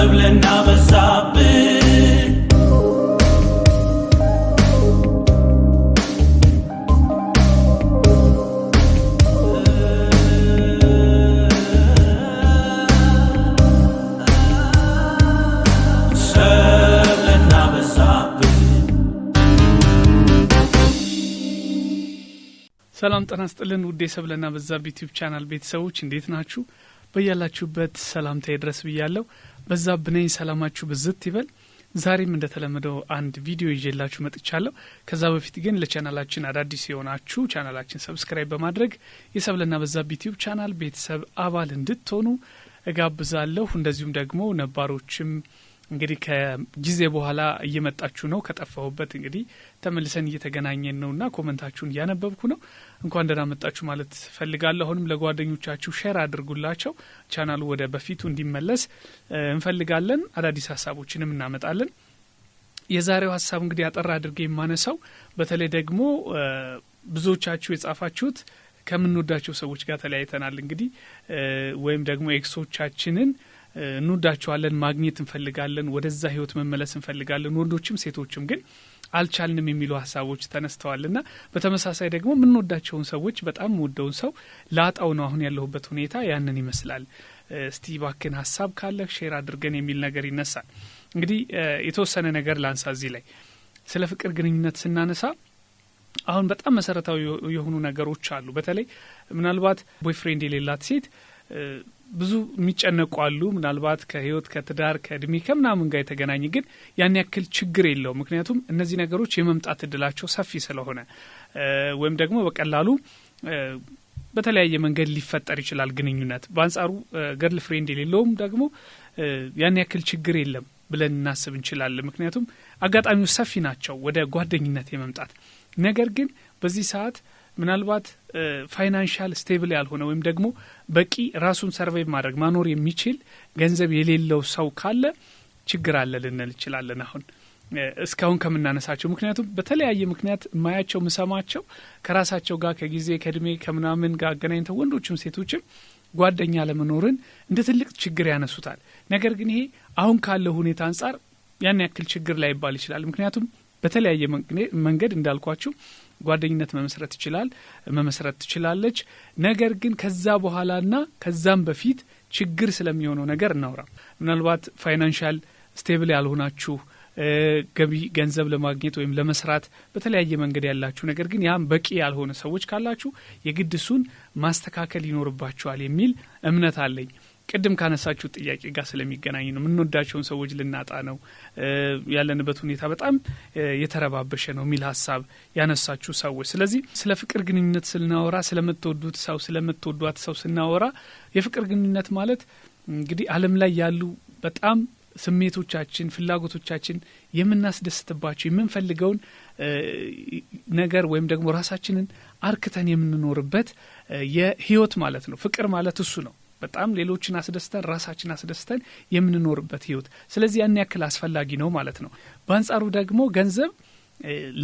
ሰብለና በዛብን ሰላም ጤና ይስጥልን ውዴ ሰብለና በዛብህ ዩቲዩብ ቻናል ቤተሰቦች እንዴት ናችሁ? በያላችሁበት ሰላምታዬ ድረስ ብያለሁ። በዛ ብነኝ ሰላማችሁ ብዝት ይበል። ዛሬም እንደተለመደው አንድ ቪዲዮ ይዤላችሁ መጥቻለሁ። ከዛ በፊት ግን ለቻናላችን አዳዲስ የሆናችሁ ቻናላችን ሰብስክራይብ በማድረግ የሰብለና በዛብህ ዩቲዩብ ቻናል ቤተሰብ አባል እንድትሆኑ እጋብዛለሁ። እንደዚሁም ደግሞ ነባሮችም እንግዲህ ከጊዜ በኋላ እየመጣችሁ ነው። ከጠፋሁበት እንግዲህ ተመልሰን እየተገናኘን እና ኮመንታችሁን እያነበብኩ ነው። እንኳን ደህና መጣችሁ ማለት ፈልጋለሁ። አሁንም ለጓደኞቻችሁ ሼር አድርጉላቸው። ቻናሉ ወደ በፊቱ እንዲመለስ እንፈልጋለን። አዳዲስ ሀሳቦችንም እናመጣለን። የዛሬው ሀሳብ እንግዲህ አጠር አድርጌ የማነሳው በተለይ ደግሞ ብዙዎቻችሁ የጻፋችሁት ከምንወዳቸው ሰዎች ጋር ተለያይተናል እንግዲህ ወይም ደግሞ ኤክሶቻችንን እንወዳቸዋለን፣ ማግኘት እንፈልጋለን፣ ወደዛ ህይወት መመለስ እንፈልጋለን። ወንዶችም ሴቶችም ግን አልቻልንም የሚሉ ሀሳቦች ተነስተዋል። ና በተመሳሳይ ደግሞ የምንወዳቸውን ሰዎች በጣም ወደውን ሰው ላጣው ነው አሁን ያለሁበት ሁኔታ ያንን ይመስላል። እስቲ ባክን ሀሳብ ካለ ሼር አድርገን የሚል ነገር ይነሳል። እንግዲህ የተወሰነ ነገር ላንሳ እዚህ ላይ ስለ ፍቅር ግንኙነት ስናነሳ አሁን በጣም መሰረታዊ የሆኑ ነገሮች አሉ። በተለይ ምናልባት ቦይፍሬንድ የሌላት ሴት ብዙ የሚጨነቁ አሉ። ምናልባት ከህይወት ከትዳር ከእድሜ ከምናምን ጋር የተገናኘ ግን ያን ያክል ችግር የለው። ምክንያቱም እነዚህ ነገሮች የመምጣት እድላቸው ሰፊ ስለሆነ ወይም ደግሞ በቀላሉ በተለያየ መንገድ ሊፈጠር ይችላል ግንኙነት። በአንጻሩ ገርል ፍሬንድ የሌለውም ደግሞ ያን ያክል ችግር የለም ብለን እናስብ እንችላለን። ምክንያቱም አጋጣሚዎች ሰፊ ናቸው ወደ ጓደኝነት የመምጣት ነገር ግን በዚህ ሰዓት ምናልባት ፋይናንሻል ስቴብል ያልሆነ ወይም ደግሞ በቂ ራሱን ሰርቬይ ማድረግ ማኖር የሚችል ገንዘብ የሌለው ሰው ካለ ችግር አለ ልንል ይችላለን። አሁን እስካሁን ከምናነሳቸው ምክንያቱም በተለያየ ምክንያት ማያቸው ምሰማቸው ከራሳቸው ጋር ከጊዜ ከእድሜ ከምናምን ጋር አገናኝተው ወንዶችም ሴቶችም ጓደኛ ለመኖርን እንደ ትልቅ ችግር ያነሱታል። ነገር ግን ይሄ አሁን ካለው ሁኔታ አንጻር ያን ያክል ችግር ላይባል ይችላል። ምክንያቱም በተለያየ መንገድ እንዳልኳችሁ ጓደኝነት መመስረት ይችላል መመስረት ትችላለች። ነገር ግን ከዛ በኋላና ከዛም በፊት ችግር ስለሚሆነው ነገር እናውራ። ምናልባት ፋይናንሻል ስቴብል ያልሆናችሁ ገቢ ገንዘብ ለማግኘት ወይም ለመስራት በተለያየ መንገድ ያላችሁ ነገር ግን ያም በቂ ያልሆነ ሰዎች ካላችሁ የግድ እሱን ማስተካከል ይኖርባችኋል የሚል እምነት አለኝ። ቅድም ካነሳችሁ ጥያቄ ጋር ስለሚገናኝ ነው። የምንወዳቸውን ሰዎች ልናጣ ነው፣ ያለንበት ሁኔታ በጣም የተረባበሸ ነው የሚል ሀሳብ ያነሳችሁ ሰዎች። ስለዚህ ስለ ፍቅር ግንኙነት ስናወራ፣ ስለምትወዱት ሰው ስለምትወዷት ሰው ስናወራ የፍቅር ግንኙነት ማለት እንግዲህ ዓለም ላይ ያሉ በጣም ስሜቶቻችን፣ ፍላጎቶቻችን የምናስደስትባቸው የምንፈልገውን ነገር ወይም ደግሞ ራሳችንን አርክተን የምንኖርበት የህይወት ማለት ነው። ፍቅር ማለት እሱ ነው። በጣም ሌሎችን አስደስተን ራሳችን አስደስተን የምንኖርበት ህይወት ስለዚህ ያን ያክል አስፈላጊ ነው ማለት ነው። በአንጻሩ ደግሞ ገንዘብ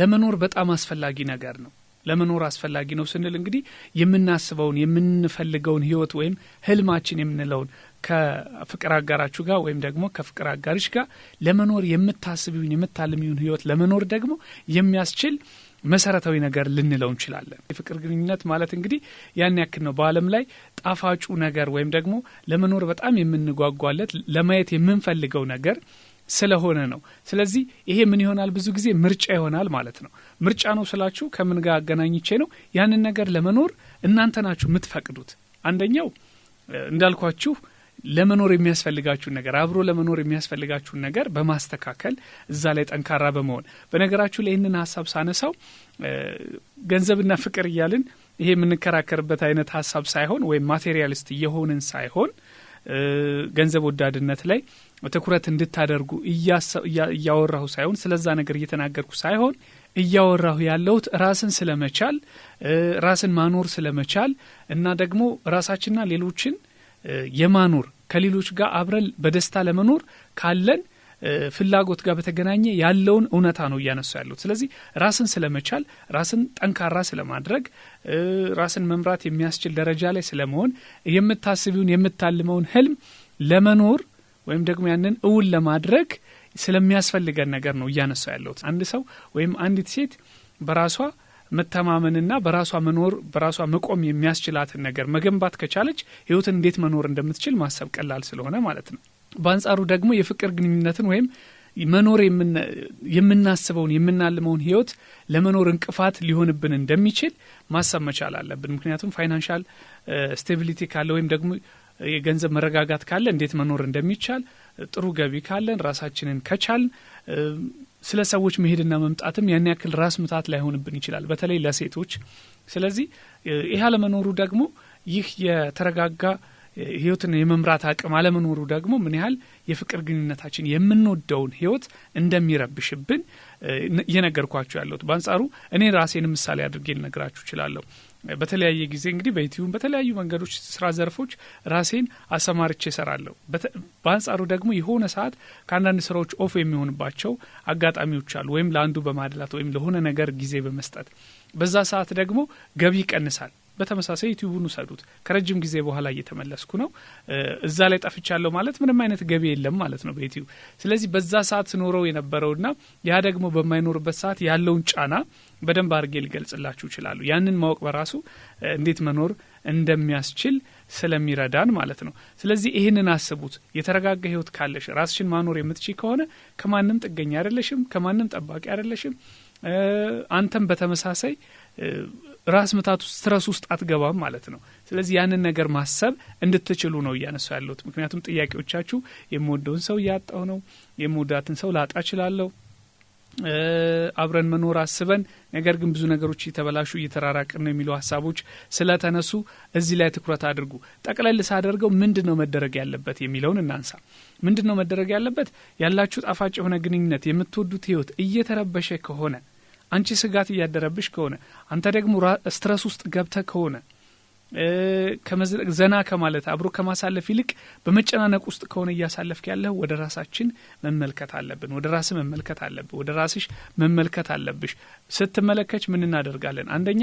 ለመኖር በጣም አስፈላጊ ነገር ነው። ለመኖር አስፈላጊ ነው ስንል እንግዲህ የምናስበውን የምንፈልገውን ህይወት ወይም ህልማችን የምንለውን ከፍቅር አጋራችሁ ጋር ወይም ደግሞ ከፍቅር አጋሪሽ ጋር ለመኖር የምታስቢውን የምታልሚውን ህይወት ለመኖር ደግሞ የሚያስችል መሰረታዊ ነገር ልንለው እንችላለን። የፍቅር ግንኙነት ማለት እንግዲህ ያን ያክል ነው። በዓለም ላይ ጣፋጩ ነገር ወይም ደግሞ ለመኖር በጣም የምንጓጓለት ለማየት የምንፈልገው ነገር ስለሆነ ነው። ስለዚህ ይሄ ምን ይሆናል? ብዙ ጊዜ ምርጫ ይሆናል ማለት ነው። ምርጫ ነው ስላችሁ ከምን ጋር አገናኝቼ ነው? ያንን ነገር ለመኖር እናንተ ናችሁ የምትፈቅዱት። አንደኛው እንዳልኳችሁ ለመኖር የሚያስፈልጋችሁን ነገር አብሮ ለመኖር የሚያስፈልጋችሁን ነገር በማስተካከል እዛ ላይ ጠንካራ በመሆን በነገራችሁ ላይ ይህንን ሀሳብ ሳነሳው ገንዘብና ፍቅር እያልን ይሄ የምንከራከርበት አይነት ሀሳብ ሳይሆን ወይም ማቴሪያሊስት እየሆንን ሳይሆን ገንዘብ ወዳድነት ላይ ትኩረት እንድታደርጉ እያወራሁ ሳይሆን ስለዛ ነገር እየተናገርኩ ሳይሆን እያወራሁ ያለሁት ራስን ስለመቻል ራስን ማኖር ስለመቻል እና ደግሞ ራሳችንና ሌሎችን የማኖር ከሌሎች ጋር አብረን በደስታ ለመኖር ካለን ፍላጎት ጋር በተገናኘ ያለውን እውነታ ነው እያነሱ ያሉት። ስለዚህ ራስን ስለመቻል፣ ራስን ጠንካራ ስለማድረግ፣ ራስን መምራት የሚያስችል ደረጃ ላይ ስለመሆን የምታስቢውን የምታልመውን ህልም ለመኖር ወይም ደግሞ ያንን እውን ለማድረግ ስለሚያስፈልገን ነገር ነው እያነሱ ያለሁት። አንድ ሰው ወይም አንዲት ሴት በራሷ መተማመንና በራሷ መኖር በራሷ መቆም የሚያስችላትን ነገር መገንባት ከቻለች ህይወትን እንዴት መኖር እንደምትችል ማሰብ ቀላል ስለሆነ ማለት ነው። በአንጻሩ ደግሞ የፍቅር ግንኙነትን ወይም መኖር የምናስበውን የምናልመውን ህይወት ለመኖር እንቅፋት ሊሆንብን እንደሚችል ማሰብ መቻል አለብን። ምክንያቱም ፋይናንሻል ስቴቢሊቲ ካለ ወይም ደግሞ የገንዘብ መረጋጋት ካለ እንዴት መኖር እንደሚቻል ጥሩ ገቢ ካለን ራሳችንን ከቻልን ስለ ሰዎች መሄድና መምጣትም ያን ያክል ራስ ምታት ላይሆንብን ይችላል፣ በተለይ ለሴቶች። ስለዚህ ይህ አለመኖሩ ደግሞ ይህ የተረጋጋ ህይወትን የመምራት አቅም አለመኖሩ ደግሞ ምን ያህል የፍቅር ግንኙነታችን የምንወደውን ህይወት እንደሚረብሽብን እየነገርኳችሁ ያለሁት። በአንጻሩ እኔ ራሴን ምሳሌ አድርጌ ልነግራችሁ እችላለሁ። በተለያየ ጊዜ እንግዲህ በኢትዮ በተለያዩ መንገዶች ስራ ዘርፎች ራሴን አሰማርቼ እሰራለሁ። በአንጻሩ ደግሞ የሆነ ሰዓት ከአንዳንድ ስራዎች ኦፍ የሚሆንባቸው አጋጣሚዎች አሉ። ወይም ለአንዱ በማድላት ወይም ለሆነ ነገር ጊዜ በመስጠት በዛ ሰዓት ደግሞ ገቢ ይቀንሳል። በተመሳሳይ ዩቲዩቡን ውሰዱት። ከረጅም ጊዜ በኋላ እየተመለስኩ ነው። እዛ ላይ ጠፍቻለሁ ማለት ምንም አይነት ገቢ የለም ማለት ነው በዩቲዩብ። ስለዚህ በዛ ሰዓት የነበረው የነበረውና ያ ደግሞ በማይኖርበት ሰዓት ያለውን ጫና በደንብ አድርጌ ሊገልጽላችሁ ይችላሉ። ያንን ማወቅ በራሱ እንዴት መኖር እንደሚያስችል ስለሚረዳን ማለት ነው። ስለዚህ ይህንን አስቡት። የተረጋጋ ህይወት ካለሽ ራስሽን ማኖር የምትችል ከሆነ ከማንም ጥገኛ አይደለሽም፣ ከማንም ጠባቂ አይደለሽም። አንተም በተመሳሳይ ራስ ምታቱ ውስጥ ስትረስ ውስጥ አትገባም ማለት ነው። ስለዚህ ያንን ነገር ማሰብ እንድትችሉ ነው እያነሱ ያለሁት። ምክንያቱም ጥያቄዎቻችሁ የምወደውን ሰው እያጣሁ ነው፣ የምወዳትን ሰው ላጣ እችላለሁ፣ አብረን መኖር አስበን ነገር ግን ብዙ ነገሮች እየተበላሹ እየተራራቅን ነው የሚሉ ሀሳቦች ስለተነሱ እዚህ ላይ ትኩረት አድርጉ። ጠቅለል ሳደርገው ምንድን ነው መደረግ ያለበት የሚለውን እናንሳ። ምንድን ነው መደረግ ያለበት? ያላችሁ ጣፋጭ የሆነ ግንኙነት የምትወዱት ህይወት እየተረበሸ ከሆነ አንቺ ስጋት እያደረብሽ ከሆነ አንተ ደግሞ ስትረስ ውስጥ ገብተ ከሆነ ዘና ከማለት አብሮ ከማሳለፍ ይልቅ በመጨናነቅ ውስጥ ከሆነ እያሳለፍክ ያለህ ወደ ራሳችን መመልከት አለብን። ወደ ራስህ መመልከት አለብን ወደ ራስሽ መመልከት አለብሽ። ስትመለከች ምን እናደርጋለን? አንደኛ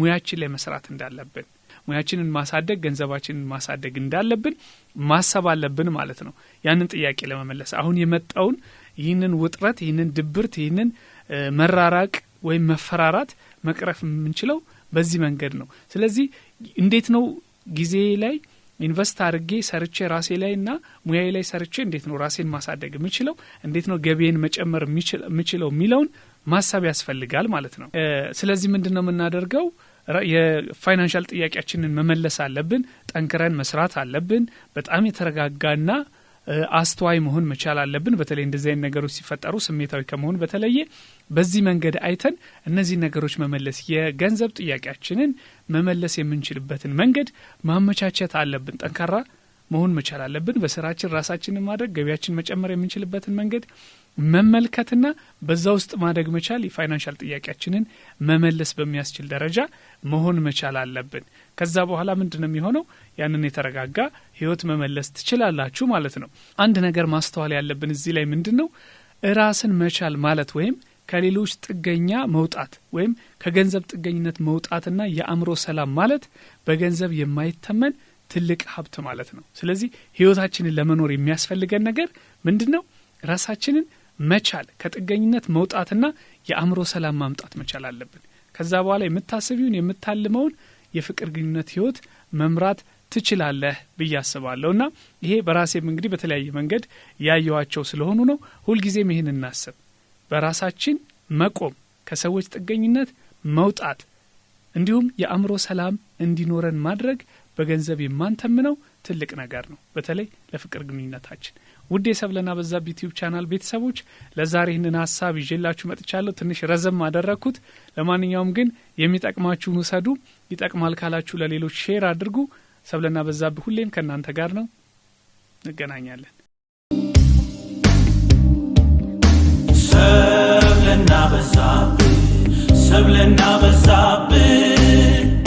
ሙያችን ላይ መስራት እንዳለብን፣ ሙያችንን ማሳደግ፣ ገንዘባችንን ማሳደግ እንዳለብን ማሰብ አለብን ማለት ነው። ያንን ጥያቄ ለመመለስ አሁን የመጣውን ይህንን ውጥረት፣ ይህንን ድብርት፣ ይህንን መራራቅ ወይም መፈራራት መቅረፍ የምንችለው በዚህ መንገድ ነው። ስለዚህ እንዴት ነው ጊዜ ላይ ኢንቨስት አድርጌ ሰርቼ ራሴ ላይ ና ሙያዬ ላይ ሰርቼ እንዴት ነው ራሴን ማሳደግ የምችለው፣ እንዴት ነው ገቤን መጨመር የምችለው የሚለውን ማሰብ ያስፈልጋል ማለት ነው። ስለዚህ ምንድን ነው የምናደርገው? የፋይናንሻል ጥያቄያችንን መመለስ አለብን። ጠንክረን መስራት አለብን። በጣም የተረጋጋና አስተዋይ መሆን መቻል አለብን። በተለይ እንደዚህ አይነት ነገሮች ሲፈጠሩ ስሜታዊ ከመሆን በተለየ በዚህ መንገድ አይተን እነዚህ ነገሮች መመለስ የገንዘብ ጥያቄያችንን መመለስ የምንችልበትን መንገድ ማመቻቸት አለብን። ጠንካራ መሆን መቻል አለብን። በስራችን ራሳችንን ማድረግ ገቢያችን መጨመር የምንችልበትን መንገድ መመልከትና በዛ ውስጥ ማደግ መቻል የፋይናንሻል ጥያቄያችንን መመለስ በሚያስችል ደረጃ መሆን መቻል አለብን። ከዛ በኋላ ምንድን ነው የሚሆነው? ያንን የተረጋጋ ህይወት መመለስ ትችላላችሁ ማለት ነው። አንድ ነገር ማስተዋል ያለብን እዚህ ላይ ምንድን ነው ራስን መቻል ማለት ወይም ከሌሎች ጥገኛ መውጣት ወይም ከገንዘብ ጥገኝነት መውጣትና የአእምሮ ሰላም ማለት በገንዘብ የማይተመን ትልቅ ሀብት ማለት ነው። ስለዚህ ህይወታችንን ለመኖር የሚያስፈልገን ነገር ምንድን ነው? ራሳችንን መቻል ከጥገኝነት መውጣትና የአእምሮ ሰላም ማምጣት መቻል አለብን። ከዛ በኋላ የምታስቢውን የምታልመውን የፍቅር ግንኙነት ህይወት መምራት ትችላለህ ብዬ አስባለሁ እና ይሄ በራሴም እንግዲህ በተለያየ መንገድ ያየዋቸው ስለሆኑ ነው። ሁልጊዜም ይህን እናስብ። በራሳችን መቆም፣ ከሰዎች ጥገኝነት መውጣት፣ እንዲሁም የአእምሮ ሰላም እንዲኖረን ማድረግ በገንዘብ የማንተምነው ትልቅ ነገር ነው። በተለይ ለፍቅር ግንኙነታችን ውዴ የሰብለና በዛብ ዩቲዩብ ቻናል ቤተሰቦች ለዛሬ ይህንን ሀሳብ ይዤላችሁ መጥቻለሁ። ትንሽ ረዘም አደረግኩት። ለማንኛውም ግን የሚጠቅማችሁን ውሰዱ። ይጠቅማል ካላችሁ ለሌሎች ሼር አድርጉ። ሰብለና በዛብ ሁሌም ከእናንተ ጋር ነው። እንገናኛለን። ሰብለና በዛብ ሰብለና በዛብ